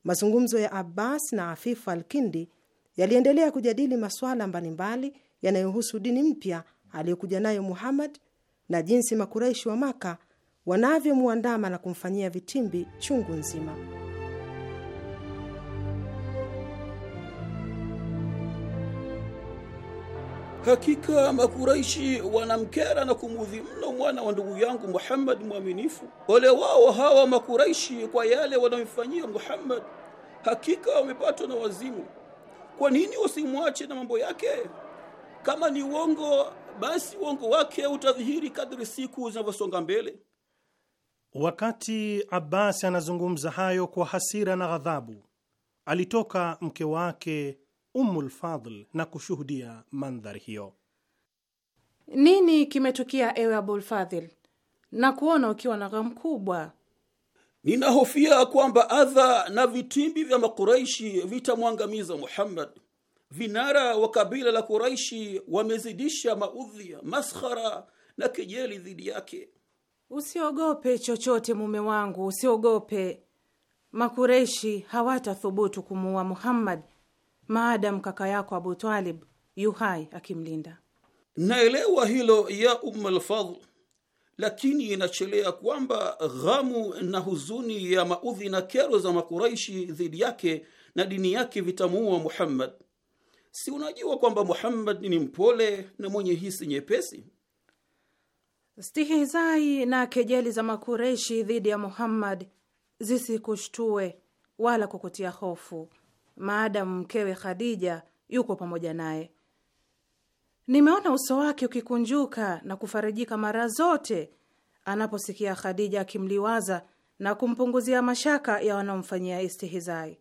[SPEAKER 8] Mazungumzo ya Abbas na Afifu Alkindi yaliendelea kujadili masuala mbalimbali yanayohusu dini mpya aliyokuja nayo Muhammad na jinsi Makuraishi wa Maka wanavyomwandama na kumfanyia vitimbi chungu
[SPEAKER 7] nzima. Hakika Makuraishi wanamkera na kumudhi mno mwana wa ndugu yangu Muhammad mwaminifu. Ole wao hawa Makuraishi kwa yale wanayomfanyia Muhammad, hakika wamepatwa na wazimu. Kwa nini wasimwache na mambo yake? Kama ni uongo, basi uongo wake utadhihiri kadri siku zinavyosonga mbele.
[SPEAKER 4] Wakati Abbas anazungumza hayo kwa hasira na ghadhabu, alitoka mke wake Ummul na kushuhudia mandhari hiyo.
[SPEAKER 9] Nini kimetukia ewe Abulfadhil, na kuona ukiwa na ghamu kubwa?
[SPEAKER 4] Ninahofia
[SPEAKER 7] kwamba adha na vitimbi vya Makuraishi vitamwangamiza Muhammad. Vinara wa kabila la Kuraishi wamezidisha maudhi, maskhara na kejeli dhidi yake.
[SPEAKER 9] Usiogope chochote mume wangu, usiogope. Makureishi hawatathubutu kumuua Muhammad maadamu kaka yako Abu Talib yu hai akimlinda.
[SPEAKER 7] Naelewa hilo ya Umm lakini inachelea kwamba ghamu na huzuni ya maudhi na kero za Makuraishi dhidi yake na dini yake vitamuua Muhammad. Si unajua kwamba Muhammad ni mpole na mwenye hisi nyepesi?
[SPEAKER 9] Stihizai na kejeli za Makureshi dhidi ya Muhammad zisikushtue wala kukutia hofu, maadamu mkewe Khadija yuko pamoja naye. Nimeona uso wake ukikunjuka na kufarijika mara zote anaposikia Khadija akimliwaza na kumpunguzia mashaka ya wanaomfanyia istihizai.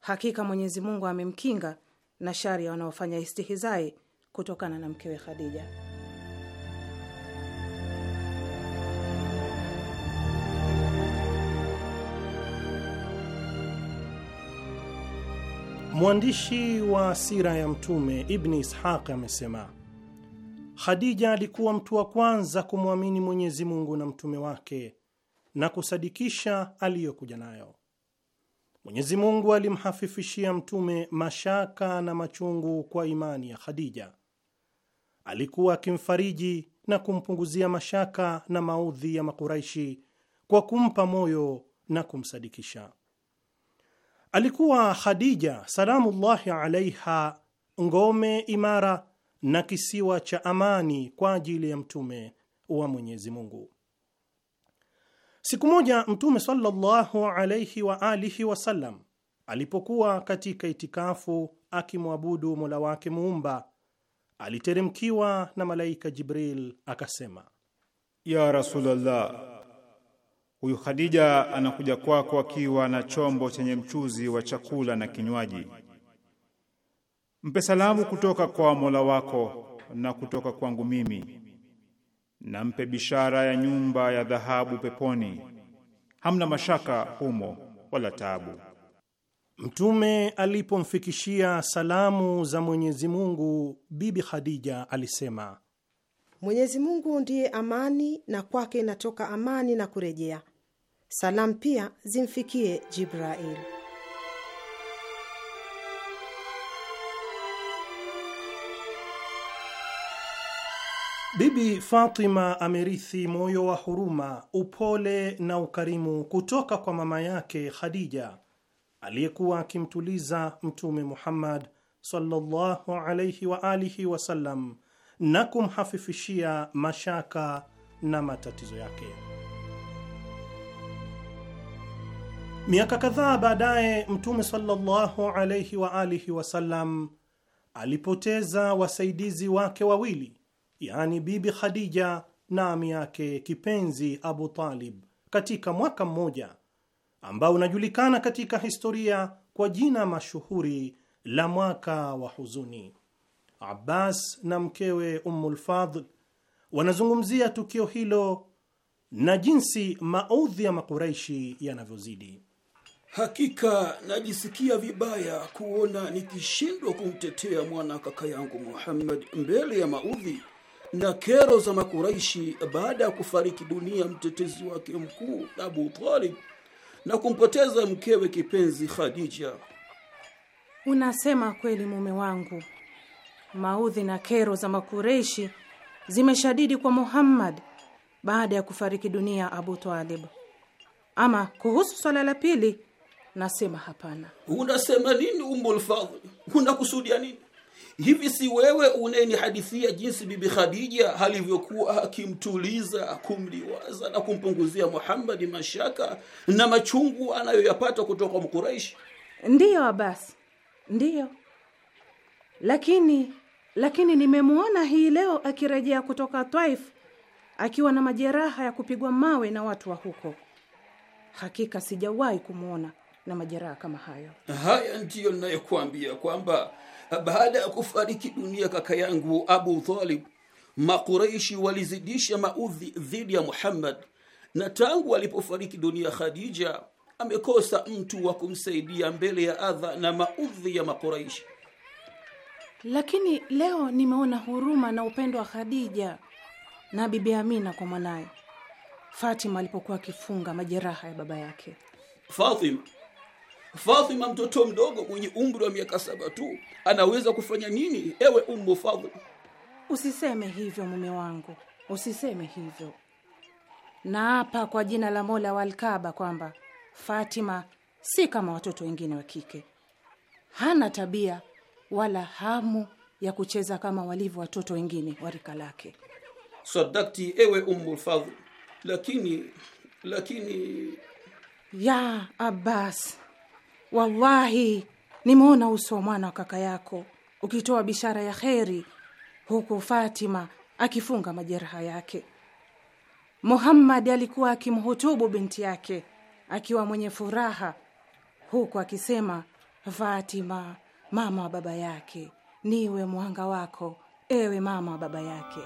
[SPEAKER 9] Hakika Mwenyezi Mungu amemkinga na shari ya wanaofanya istihizai kutokana na mkewe Khadija.
[SPEAKER 4] Mwandishi wa sira ya Mtume Ibni Ishaq amesema Khadija alikuwa mtu wa kwanza kumwamini Mwenyezi Mungu na mtume wake na kusadikisha aliyokuja nayo. Mwenyezi Mungu alimhafifishia mtume mashaka na machungu kwa imani ya Khadija. Alikuwa akimfariji na kumpunguzia mashaka na maudhi ya Makuraishi kwa kumpa moyo na kumsadikisha. Alikuwa Khadija salamullahi alaiha ngome imara na kisiwa cha amani kwa ajili ya mtume wa Mwenyezi Mungu. Siku moja Mtume sallallahu alaihi wa alihi wasallam alipokuwa katika itikafu akimwabudu mola wake muumba aliteremkiwa na malaika Jibril akasema,
[SPEAKER 2] ya Rasulullah Huyu Khadija anakuja kwako akiwa na chombo chenye mchuzi wa chakula na kinywaji. Mpe salamu kutoka kwa Mola wako na kutoka kwangu mimi, na mpe bishara ya nyumba ya dhahabu peponi. Hamna mashaka humo wala taabu. Mtume alipomfikishia salamu
[SPEAKER 4] za Mwenyezi Mungu, Bibi Khadija alisema: Mwenyezi Mungu
[SPEAKER 8] ndiye amani, na kwake inatoka amani na kurejea. Salamu pia zimfikie Jibrail.
[SPEAKER 4] Bibi Fatima amerithi moyo wa huruma, upole na ukarimu kutoka kwa mama yake Khadija aliyekuwa akimtuliza Mtume Muhammad sallallahu alayhi wa alihi wasallam na kumhafifishia mashaka na matatizo yake. Miaka kadhaa baadaye Mtume sallallahu alaihi wa alihi wasallam alipoteza wasaidizi wake wawili, yani Bibi Khadija na ami yake kipenzi Abu Talib katika mwaka mmoja ambao unajulikana katika historia kwa jina mashuhuri la mwaka wa huzuni. Abbas na mkewe Ummulfadl wanazungumzia tukio hilo na jinsi maudhi ya Makuraishi yanavyozidi hakika najisikia vibaya kuona nikishindwa
[SPEAKER 7] kumtetea mwana kaka yangu Muhammad mbele ya maudhi na kero za Makuraishi baada ya kufariki dunia mtetezi wake mkuu Abu Talib na kumpoteza mkewe kipenzi Khadija.
[SPEAKER 9] Unasema kweli mume wangu, maudhi na kero za Makureishi zimeshadidi kwa Muhammad baada ya kufariki dunia Abu Talib. Ama kuhusu swala la pili Nasema hapana.
[SPEAKER 7] Unasema nini Ummul Unakusudia nini? Hivi si wewe unayenihadithia jinsi Bibi Khadija alivyokuwa akimtuliza, kumliwaza na kumpunguzia Muhammadi mashaka na machungu anayoyapata kutoka Mkuraishi?
[SPEAKER 9] Ndiyo Abasi, ndiyo. Lakini lakini nimemwona hii leo akirejea kutoka Twaif akiwa na majeraha ya kupigwa mawe na watu wa huko. Hakika sijawahi kumwona na majeraha kama hayo.
[SPEAKER 7] Haya ndiyo ninayokuambia kwamba baada ya kufariki dunia kaka yangu Abu Talib, Makuraishi walizidisha maudhi dhidi ya Muhammad, na tangu alipofariki dunia Khadija amekosa mtu wa kumsaidia mbele ya adha na maudhi ya Makuraishi.
[SPEAKER 9] Lakini leo nimeona huruma na upendo wa Khadija na Bibi Amina kwa mwanaye Fatima alipokuwa akifunga majeraha ya baba yake
[SPEAKER 7] Fatima Fatima mtoto mdogo mwenye umri wa miaka saba tu anaweza kufanya nini? Ewe umbo Fadhila,
[SPEAKER 9] usiseme hivyo mume wangu, usiseme hivyo. Naapa kwa jina la Mola wa Alkaba kwamba Fatima si kama watoto wengine wa kike, hana tabia wala hamu ya kucheza kama walivyo watoto wengine wa rika lake.
[SPEAKER 7] Sadakti ewe Ummu Fadhila, lakini lakini
[SPEAKER 9] ya Abbas Wallahi, nimeona uso wa mwana wa kaka yako ukitoa bishara ya kheri, huku Fatima akifunga majeraha yake. Muhammad alikuwa akimhutubu binti yake akiwa mwenye furaha, huku akisema, Fatima, mama wa baba yake, niwe mwanga wako, ewe mama wa baba yake.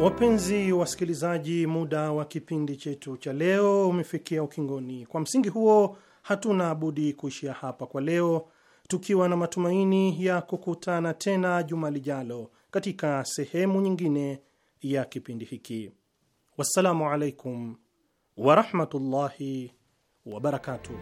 [SPEAKER 4] Wapenzi wasikilizaji, muda wa kipindi chetu cha leo umefikia ukingoni. Kwa msingi huo, hatuna budi kuishia hapa kwa leo, tukiwa na matumaini ya kukutana tena juma lijalo katika sehemu nyingine ya kipindi hiki. Wassalamu alaikum warahmatullahi wabarakatuh.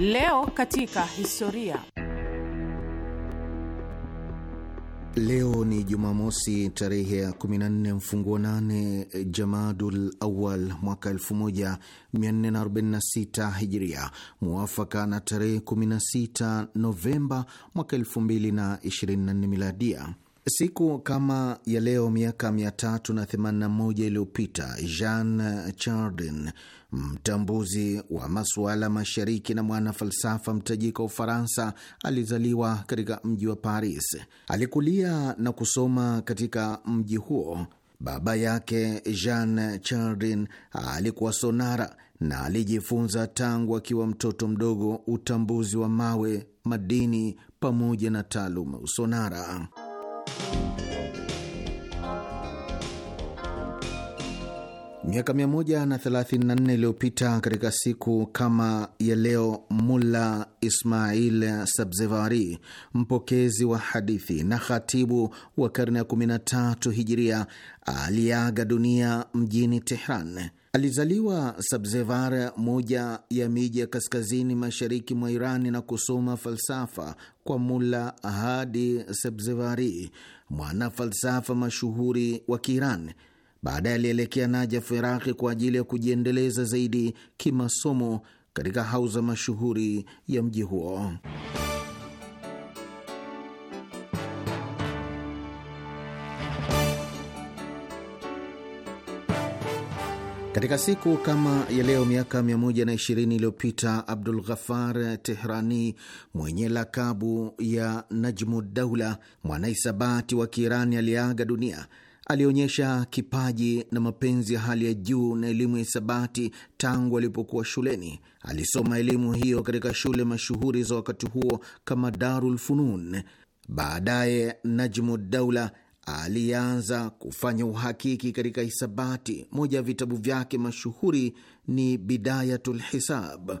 [SPEAKER 9] Leo katika historia.
[SPEAKER 10] Leo ni Jumamosi tarehe ya 14 mfunguo nane Jamadul Awal mwaka 1446 Hijria, muafaka na tarehe 16 Novemba mwaka 2024 Miladia. Siku kama ya leo miaka 381 iliyopita Jean Chardin, mtambuzi wa masuala mashariki na mwanafalsafa mtajika wa Ufaransa, alizaliwa katika mji wa Paris. Alikulia na kusoma katika mji huo. Baba yake Jean Chardin alikuwa sonara na alijifunza tangu akiwa mtoto mdogo utambuzi wa mawe, madini pamoja na taaluma usonara. Miaka 134 iliyopita katika siku kama ya leo, Mulla Ismail Sabzevari, mpokezi wa hadithi na khatibu wa karne ya 13 Hijiria, aliaga dunia mjini Tehran. Alizaliwa Sabzevar, moja ya miji ya kaskazini mashariki mwa Irani, na kusoma falsafa kwa Mula Hadi sabzevari mwana falsafa mashuhuri wa Kiirani. Baadaye alielekea Najaf, Iraqi, kwa ajili ya kujiendeleza zaidi kimasomo katika hauza mashuhuri ya mji huo. Katika siku kama ya leo miaka 120 iliyopita Abdul Ghafar Tehrani mwenye lakabu ya najmudaula mwanahisabati wa Kiirani aliyeaga dunia, alionyesha kipaji na mapenzi ya hali ya juu na elimu ya hisabati tangu alipokuwa shuleni. Alisoma elimu hiyo katika shule mashuhuri za wakati huo kama Darul Funun. Baadaye najmudaula alianza kufanya uhakiki katika hisabati. Moja ya vitabu vyake mashuhuri ni Bidayatul Hisab.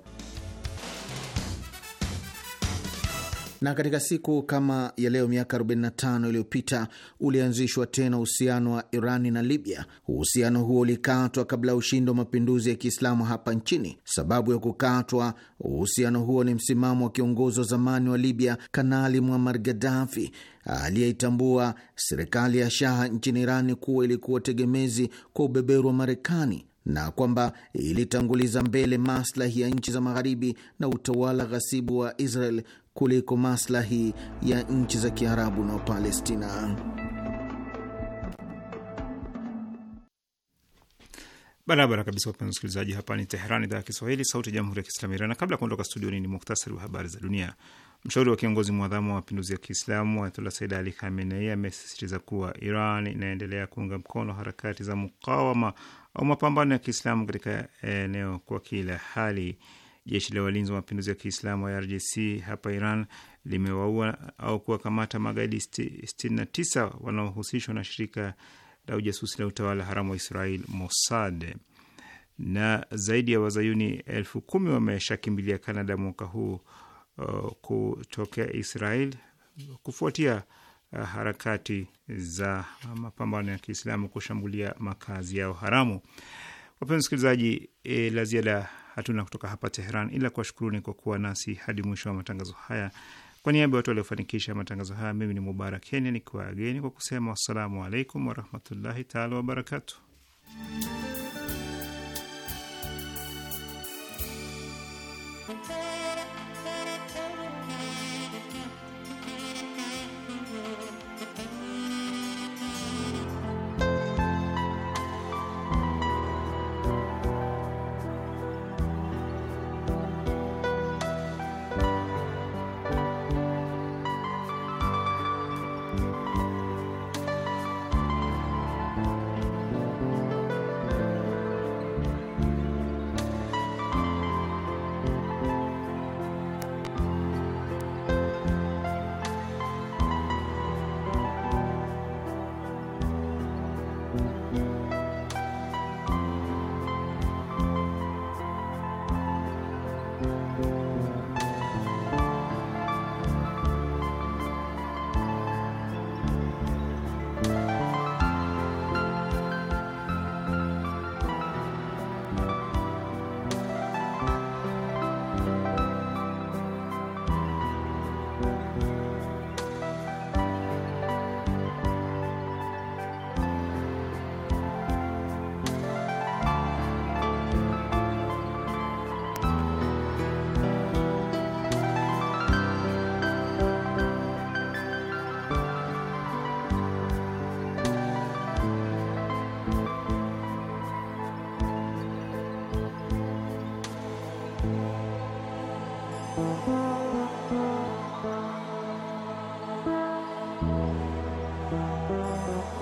[SPEAKER 10] Na katika siku kama ya leo miaka 45 iliyopita ulianzishwa tena uhusiano wa Irani na Libya. Uhusiano huo ulikatwa kabla ya ushindi wa mapinduzi ya Kiislamu hapa nchini. Sababu ya kukatwa uhusiano huo ni msimamo wa kiongozi wa zamani wa Libya, Kanali Muammar Gaddafi aliyeitambua serikali ya shaha nchini Irani kuwa ilikuwa tegemezi kwa ubeberu wa Marekani na kwamba ilitanguliza mbele maslahi ya nchi za magharibi na utawala ghasibu wa Israel kuliko maslahi ya nchi za Kiarabu na Palestina. Barabara kabisa, wapenzi msikilizaji, hapa
[SPEAKER 2] ni Teheran, idhaa ya Kiswahili, sauti ya jamhuri ya kiislamu Iran. Na kabla ya kuondoka studioni, ni muhtasari wa habari za dunia. Mshauri wa kiongozi mwadhamu wa mapinduzi ya Kiislamu Ayatullah Said Ali Khamenei amesisitiza kuwa Iran inaendelea kuunga mkono harakati za mukawama au mapambano ya Kiislamu katika eneo kwa kila hali jeshi la walinzi wa mapinduzi ya Kiislamu wa IRGC hapa Iran limewaua au kuwakamata magaidi 69 wanaohusishwa na shirika la ujasusi la utawala haramu wa Israel, Mossad, na zaidi ya wazayuni elfu kumi wameshakimbilia Canada mwaka huu uh, kutokea Israel kufuatia uh, harakati za mapambano ya Kiislamu kushambulia makazi yao haramu. Wapenzi msikilizaji e, eh, la ziada hatuna kutoka hapa Teheran ila kuwashukuruni kwa kuwa nasi hadi mwisho wa matangazo haya. Kwa niaba ya watu waliofanikisha matangazo haya, mimi ni Mubarak Kenya nikiwaageni kwa kusema wassalamu alaikum warahmatullahi taala wabarakatu.